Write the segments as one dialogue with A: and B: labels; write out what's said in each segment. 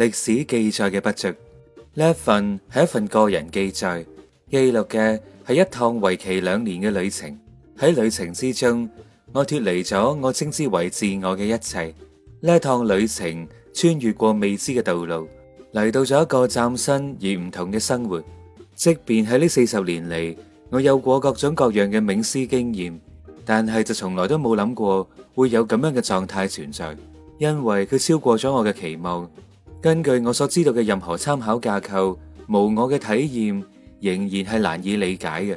A: 歷史記載嘅不足，呢一份係一份個人記載記錄嘅係一趟為期兩年嘅旅程。喺旅程之中，我脫離咗我稱之為自我嘅一切。呢一趟旅程穿越過未知嘅道路，嚟到咗一個嶄新而唔同嘅生活。即便喺呢四十年嚟，我有過各種各樣嘅冥思經驗，但係就從來都冇諗過會有咁樣嘅狀態存在，因為佢超過咗我嘅期望。根據我所知道嘅任何參考架構，無我嘅體驗仍然係難以理解嘅。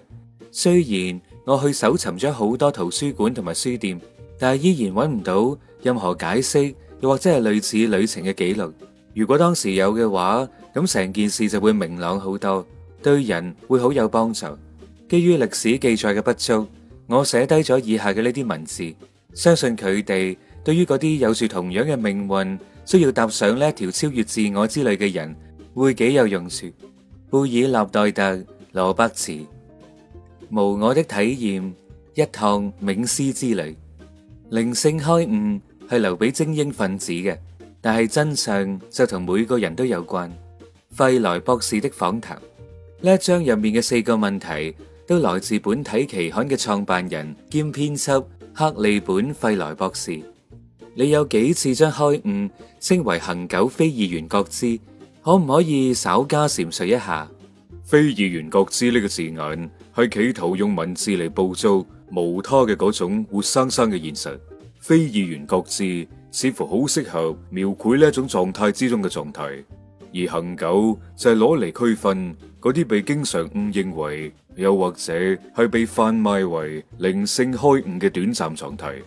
A: 雖然我去搜尋咗好多圖書館同埋書店，但係依然揾唔到任何解釋，又或者係類似旅程嘅記錄。如果當時有嘅話，咁成件事就會明朗好多，對人會好有幫助。基於歷史記載嘅不足，我寫低咗以下嘅呢啲文字，相信佢哋對於嗰啲有住同樣嘅命運，需要踏上呢一條超越自我之旅嘅人，會幾有用處？貝爾納代特、羅伯茨、無我的體驗、一趟冥思之旅、靈性開悟，係留俾精英分子嘅。但係真相就同每個人都有關。費萊博士的訪談呢一章入面嘅四個問題，都來自本體期刊嘅創辦人兼編輯克利本費萊博士。你有幾次將開悟稱為恒久非二元覺知，可唔可以稍加闡述一下？非二元覺知呢個字眼，係企圖用文字嚟捕捉無他嘅嗰種活生生嘅現實。非二元覺知似乎好適合描繪呢一種狀態之中嘅狀態，而恒久就係攞嚟區分嗰啲被經常誤認為，又或者係被販賣為靈性開悟嘅短暫狀態。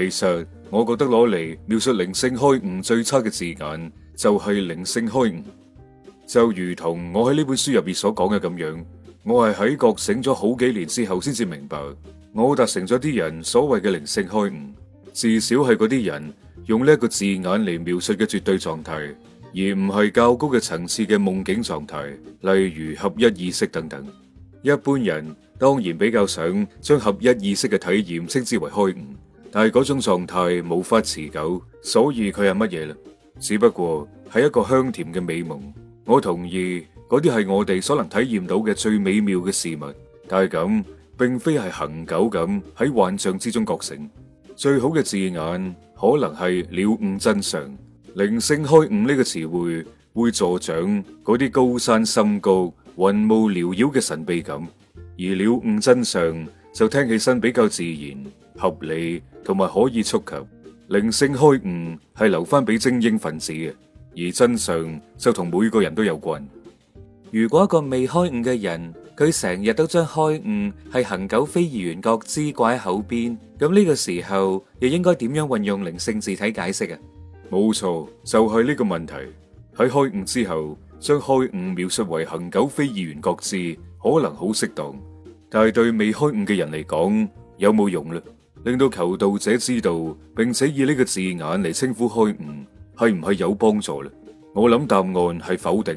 A: 其實我覺得攞嚟描述靈性開悟最差嘅字眼就係、是、靈性開悟。就如同我喺呢本書入面所講嘅咁樣，我係喺覺醒咗好幾年之後先至明白，我達成咗啲人所謂嘅靈性開悟，至少係嗰啲人用呢一個字眼嚟描述嘅絕對狀態，而唔係較高嘅層次嘅夢境狀態，例如合一意識等等。一般人當然比較想將合一意識嘅體驗稱之為開悟。但係嗰種狀態無法持久，所以佢係乜嘢啦？只不過係一個香甜嘅美夢。我同意嗰啲係我哋所能體驗到嘅最美妙嘅事物，但係咁並非係恆久咁喺幻象之中覺醒。最好嘅字眼可能係了悟真相。靈性開悟呢個詞彙會，會助長嗰啲高山深谷、雲霧繚繞嘅神秘感，而了悟真相就聽起身比較自然合理。同埋可以觸及靈性開悟係留翻俾精英分子嘅，而真相就同每個人都有關。如果一個未開悟嘅人，佢成日都將開悟係恒久非二元覺知掛喺口邊，咁呢個時候又應該點樣運用靈性字體解釋啊？冇錯，就係呢個問題。喺開悟之後，將開悟描述為恒久非二元覺知，可能好適當，但係對未開悟嘅人嚟講，有冇用呢？令到求道者知道，並且以呢個字眼嚟稱呼開悟，係唔係有幫助咧？我諗答案係否定。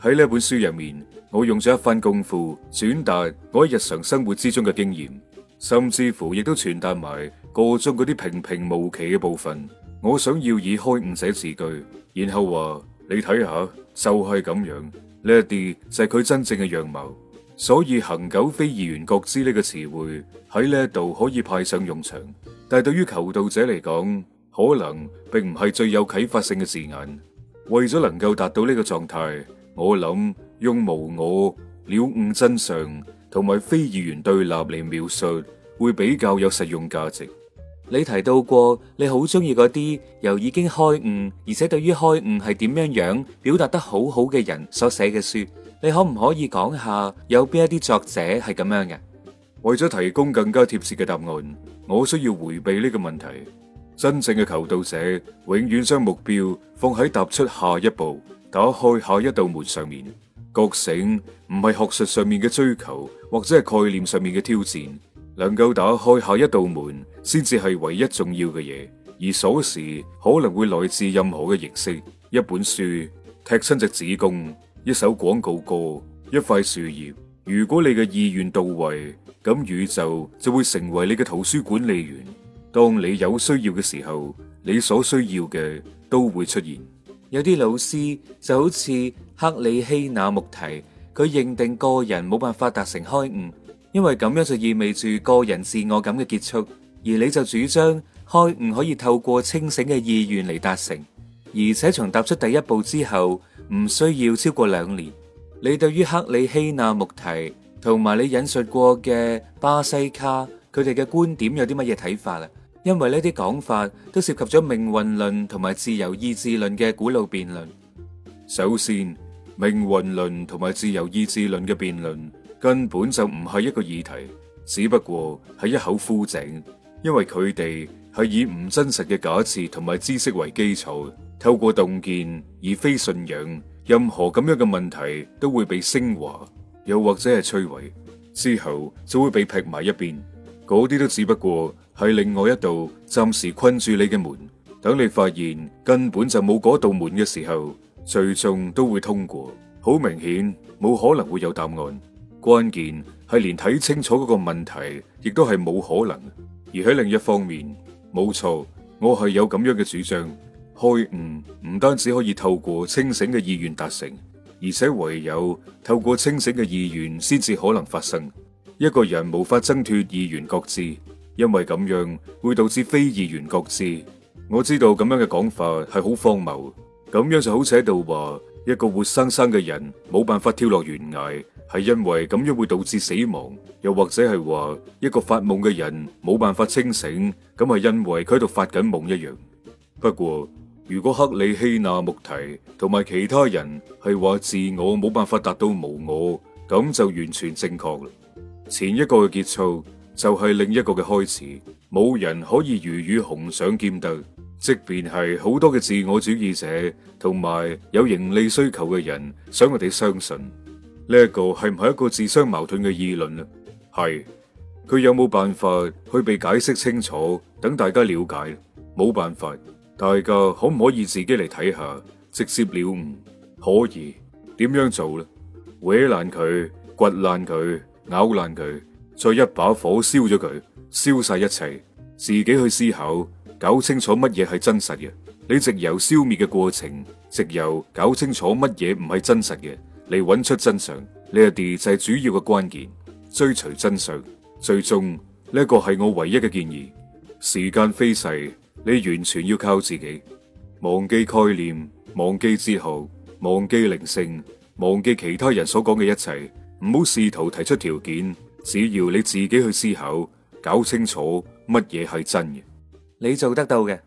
A: 喺呢本書入面，我用咗一番功夫，轉達我喺日常生活之中嘅經驗，甚至乎亦都傳達埋個中嗰啲平平無奇嘅部分。我想要以開悟者字句，然後話你睇下，就係咁樣，呢一啲，就係佢真正嘅樣貌。所以恆久非二元覺知呢個詞彙喺呢一度可以派上用場，但係對於求道者嚟講，可能並唔係最有啟發性嘅字眼。為咗能夠達到呢個狀態，我諗用無我了悟真相同埋非二元對立嚟描述會比較有實用價值。你提到過，你好中意嗰啲由已經開悟而且對於開悟係點樣樣表達得好好嘅人所寫嘅書。你可唔可以講下有邊一啲作者係咁樣嘅？為咗提供更加貼切嘅答案，我需要回避呢個問題。真正嘅求道者永遠將目標放喺踏出下一步，打開下一道門上面。覺醒唔係學術上面嘅追求，或者係概念上面嘅挑戰。能夠打開下一道門，先至係唯一重要嘅嘢。而鎖匙可能會來自任何嘅形式，一本書，踢親隻子宮。一首廣告歌，一塊樹葉。如果你嘅意願到位，咁宇宙就會成為你嘅圖書管理員。當你有需要嘅時候，你所需要嘅都會出現。有啲老師就好似克里希那穆提，佢認定個人冇辦法達成開悟，因為咁樣就意味住個人自我咁嘅結束。而你就主張開悟可以透過清醒嘅意願嚟達成，而且從踏出第一步之後。唔需要超過兩年。你對於克里希那穆提同埋你引述過嘅巴西卡，佢哋嘅觀點有啲乜嘢睇法啊？因為呢啲講法都涉及咗命運論同埋自由意志論嘅古老辯論。首先，命運論同埋自由意志論嘅辯論根本就唔係一個議題，只不過係一口枯井，因為佢哋係以唔真實嘅假設同埋知識為基礎。透過洞見而非信仰，任何咁樣嘅問題都會被升華，又或者係摧毀之後就會被劈埋一邊。嗰啲都只不過係另外一道暫時困住你嘅門。等你發現根本就冇嗰道門嘅時候，最終都會通過。好明顯冇可能會有答案。關鍵係連睇清楚嗰個問題，亦都係冇可能。而喺另一方面，冇錯，我係有咁樣嘅主張。開悟唔單止可以透過清醒嘅意願達成，而且唯有透過清醒嘅意願先至可能發生。一個人無法掙脱意願覺知，因為咁樣會導致非意願覺知。我知道咁樣嘅講法係好荒謬，咁樣就好似喺度話一個活生生嘅人冇辦法跳落懸崖，係因為咁樣會導致死亡；又或者係話一個發夢嘅人冇辦法清醒，咁係因為佢喺度發緊夢一樣。不過，如果克里希那穆提同埋其他人係話自我冇辦法達到無我，咁就完全正確。前一個嘅結束就係另一個嘅開始，冇人可以魚與熊掌兼得。即便係好多嘅自我主義者同埋有盈利需求嘅人想我哋相信呢、這個、一個係唔係一個自相矛盾嘅議論呢？係，佢有冇辦法去被解釋清楚，等大家了解？冇辦法。大家可唔可以自己嚟睇下，直接了悟？可以點樣做咧？搲爛佢，掘爛佢，咬爛佢，再一把火燒咗佢，燒晒一切，自己去思考，搞清楚乜嘢係真實嘅。你直由消滅嘅過程，直由搞清楚乜嘢唔係真實嘅，你揾出真相。呢一啲就係主要嘅關鍵，追隨真相。最終呢個係我唯一嘅建議。時間飛逝。你完全要靠自己，忘記概念，忘記之後，忘記靈性，忘記其他人所講嘅一切，唔好試圖提出條件，只要你自己去思考，搞清楚乜嘢係真嘅，你做得到嘅。